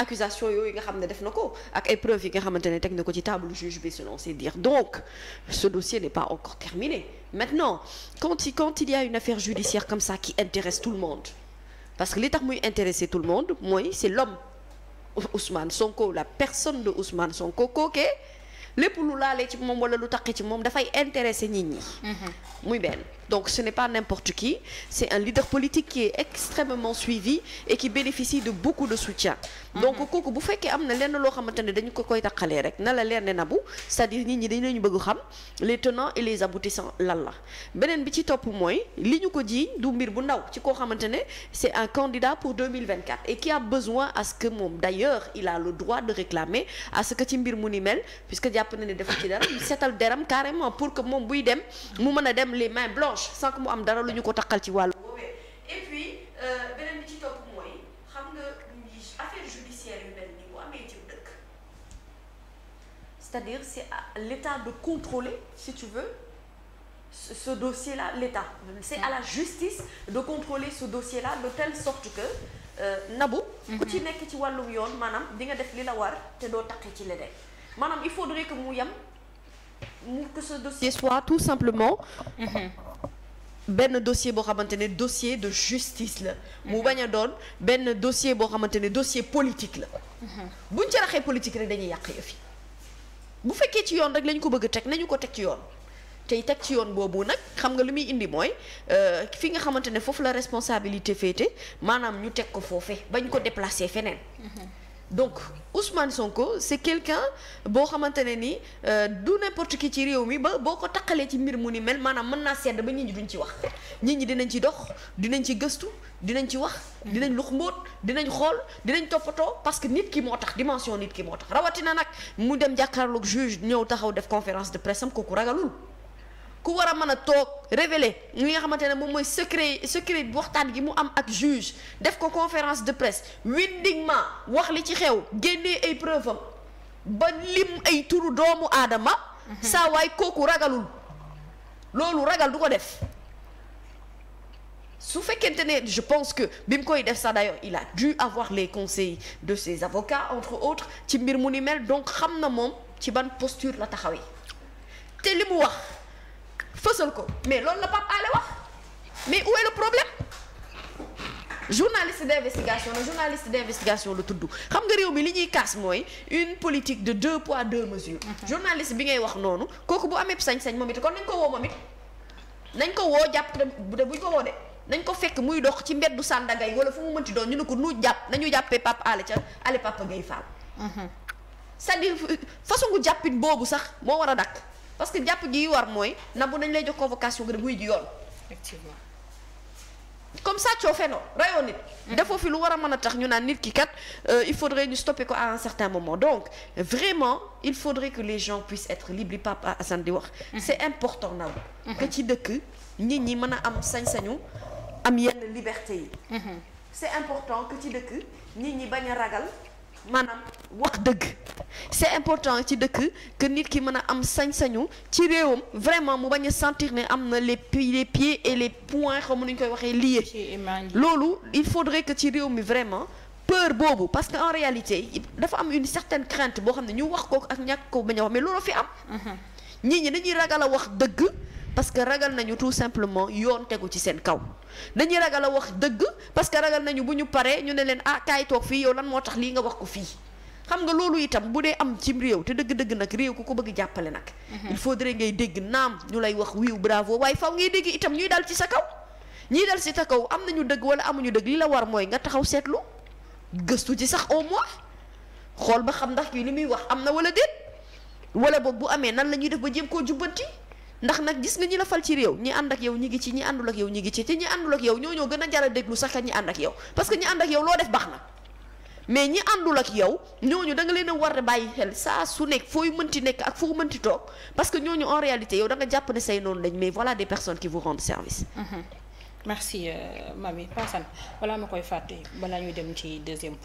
accusation yooyu nga xam ne def na ko ak ay preuves juge bi selon ses donc ce dossier n'est pas encore terminé maintenant quand il y a une affaire judiciaire comme ça qui intéresse tout le monde parce que li tax muy tout le monde mooy c'est l'homme Ousmane Sonko la personne de Ousmane Sonko lépp lu laalee ci moom wala lu taqi ci moom dafay intéresser nit ñi mhm. muy benn donc ce n'est pas n'importe qui c'est un leader politique qui est extrêmement suivi et qui bénéficie de beaucoup de soutien mhm. donc kooku bu fekkee am na lenn loo xamante ne dañu ko koy taqalee rek na la leer ne nabu c'est-à-dire nit ñi dañ lañu bëgg xam les tenants et les aboutissants lan la beneen bi ci topp mooy li ñu ko jiiñ du mbir bu ndaw ci koo xamante ne c'est un candidat pour 2024 et qui a a ci mbir mu ni jàpp na ne dafa ci dara ñu seetal deram carrément pour que moom buy dem mu mën a dem les mains blanches sans que mu am dara lu ñu ko taqal ci wàllu boobee et puis euh, beneen bi ci topp mooy xam nga affaire judiciaire yu mel ni bu amee ci dëkk c'est-à-dire c'est à l'état de contrôler si tu veux ce, ce dossier-là l'état c'est à la justice de contrôler ce dossier-là de telle sorte que euh, nabu ku ci mhm. nekk ci wàllum yoon maanaam di nga def li la war te doo taqe ci leneen maanaam il faudrait que mu yem mu que ce dossier soit tout simplement mhm. benn dossier boo xamante ne dossier de justice la mu mhm. bañ a doon benn dossier boo xamante ne dossier politique la mhm. buñ ci raxee politique rek dañuy yàq yëf yi bu fekkee ci yoon rek lañ ko bëgg a teg nañu ko teg ci yoon tey teg ci yoon boobu nag xam nga li muy indi mooy euh, fi nga xamante ne foofu la responsabilité féete maanaam ñu teg ko foofe bañ ko déplacer feneen donc Ousmane Sonko c'est quelqu'un boo xamante ne ni euh, du n'importe qui ci réew mi ba boo ko taqalee ci mbir mu ni mel maanaam mën naa sedd ba nit ñi duñ ci wax nit ñi dinañ ci dox dinañ ci gëstu dinañ ci wax dinañ lux mbóot dinañ xool dinañ toppatoo parce que nit ki moo tax dimension nit ki moo tax rawatina nag mu dem jàkkaarloog juge ñëw taxaw def conférence de presse am kooku ragalul ku war a mën a toog révéler li nga xamante ne moom mooy secret secret waxtaan gi mu am ak juge def ko conférence de presse windigement wax li ci xew génne ay preuve am ba lim ay turu doomu aadama mhm. saa waay kooku ragalul loolu ragal du ko def su fekkente ne je pense que bi mu koy def ça d'ailleurs il a dû avoir les conseils de ses avocats entre autres ci mbir mu ni mel donc xam na moom ci ban posture la taxawee te li mu wax fësal ko mais loolu na Pape Alé wax mais où est le problème journaliste d'investigation la journaliste d'investigation la tudd xam nga réew mi li ñuy kaas mooy une politique de deux poids deux mesures mhm. journaliste bi ngay wax noonu kooku bu amee sañ-sañ moom it kon nañ ko woo moom it nañ ko woo jàpp te buñ ko woo de nañ ko fekk muy dox ci mbeddu Sandaga yi wala fu mu mënti doon ñu ne ko nu jàpp nañu jàppee Pape ale ca Alé Papa Gueye Fall mhm. cest à façon gu boobu sax moo war a dakk parce que jàpp gi war mooy nabu dañ lay jox convocation nga dem wuy ji yoon. effectivement. comme ça coo fenoo rayoo nit. Mm-hmm. defoo fi lu war a mën a tax ñu naan nit ki kat euh, il faudrait ñu stopper ko à un certain moment donc vraiment il faudrait que les gens puissent être libres li Papa Assane di wax. Mm-hmm. c'est important nabu. Mm-hmm. que ci dëkk nit ñi mën a am sañ-sañu am yenn liberté yi. c'est important que ci dëkk nit ñi bañ a ragal. maanaam wax dëgg c'est important ci dëkk que nit ki mën a am sañ-sañu ci réewam vraiment mu bañ a sentir ne am na les les pieds et les poings xaw ma nu ñu koy waxee liés loolu il faudrait que ci réew mi vraiment peur boobu parce que en réalité dafa am une certaine crainte boo xam ne ñu wax ko ak ñàkk ko bañ a wax mais loolu fi am mhm. nit ñi dañuy ragal a wax dëgg parce que ragal nañu tout simplement yoon tegu ci seen kaw dañuy ragal a wax dëgg parce que ragal nañu bu ñu paree ñu ne leen ah kaay toog fii yow lan moo tax lii nga wax ko fii xam nga loolu itam bu dee am ci réew te dëgg-dëgg nag réew ku ko bëgg jàppale nag mhm. il faudrait ngay dégg naam ñu lay wax wiiw bravo waaye faw ngay dégg itam ñuy dal ci sa kaw ñiy dal ci sa kaw am nañu dëgg wala amuñu dëgg li la war mooy nga taxaw seetlu gëstu ci sax au moins xool ba xam ndax kii li muy wax am na wala déet wala boog bu amee nan la ñuy def ba jéem koo jubbanti ndax nag gis nga ñi la fal ci réew ñi ànd ak yow ñi ngi ci ñi àndul ak yow ñi ngi ci te ñi àndul ak yow ñoo ñoo gën a jar a déglu sax ka ñi ànd ak yow parce que ñi ànd ak yow loo def baax na mais ñi àndul ak yow ñooñu da leen war bàyyi xel saa su nekk fooy mënti nekk ak foo mënti toog parce que ñooñu en réalité yow da jàpp ne say noonu lañ mais voilà des personnes qui vous rendent service. Mm-hmm. Euh, mami Paasane balaa ma koy fàtte balaa ñuy dem ci deuxième